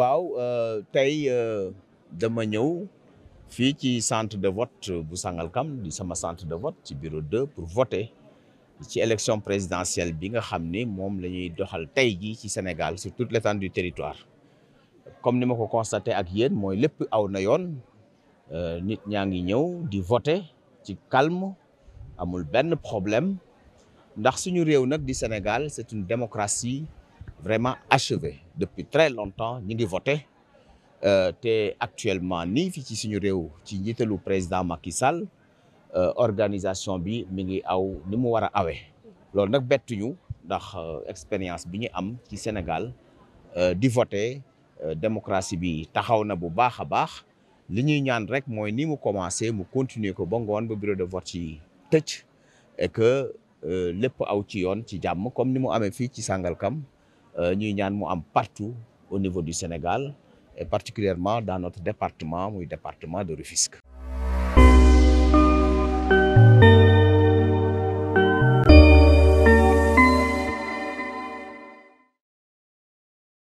waaw euh, euh de ñëw fii centre de vote bu Sangalkam di centre de vote ci bureau 2 pour voter ci élection présidentielle bi nga été ni moom Sénégal sur toute l'étendue du territoire comme nous l'ai constaté ak yéen je suis aw na yoon euh, nit ñaa ngi ñëw di voter ci calme amul benn problème ndax suñu réew du di Sénégal c'est une démocratie vraiment achevée depuis très longtemps ñu ngi voté euh, te actuellement ni fii ci suñu réew ci président Macky Sall euh, organisation bi mi ngi aw ni mu war a awee loolu nag bettuñu ndax euh, expérience bi am ci Sénégal di voté démocratie bi taxaw na bu baax a baax li ñuy ñaan rek mooy ni mu commencé mu continuer ko bon, ngoon bureau de vote ci tëj et que lepp aw ci yoon ci comme ni mu amee fi, ci Sangalkam nous euh, y partout au niveau du Sénégal et particulièrement dans notre département le département de Rufisque